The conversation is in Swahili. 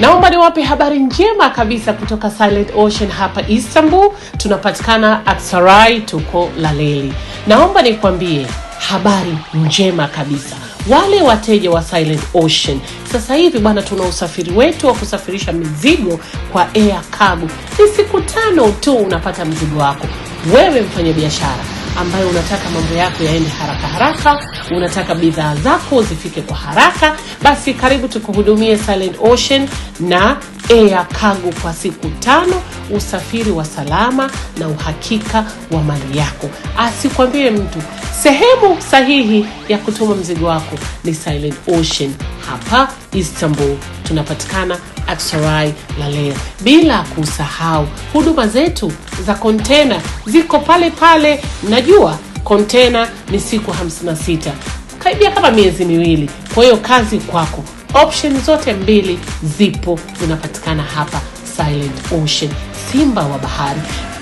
Naomba niwape habari njema kabisa kutoka Silent Ocean hapa Istanbul. Tunapatikana Aksaray, tuko Laleli. Naomba nikwambie habari njema kabisa wale wateja wa Silent Ocean sasa hivi bwana, tuna usafiri wetu wa kusafirisha mizigo kwa air cargo. Ni siku tano tu unapata mzigo wako wewe mfanyabiashara ambayo unataka mambo yako yaende haraka haraka, unataka bidhaa zako zifike kwa haraka, basi karibu tukuhudumie Silent Ocean na Air Cargo kwa siku tano usafiri wa salama na uhakika wa mali yako. Asikwambie mtu. Sehemu sahihi ya kutuma mzigo wako ni Silent Ocean hapa Istanbul, tunapatikana Aksaray Lalea. Bila kusahau huduma zetu za kontena ziko pale pale. Najua kontena ni siku 56 karibia kama miezi miwili, kwa hiyo kazi kwako. Option zote mbili zipo zinapatikana hapa Silent Ocean, simba wa bahari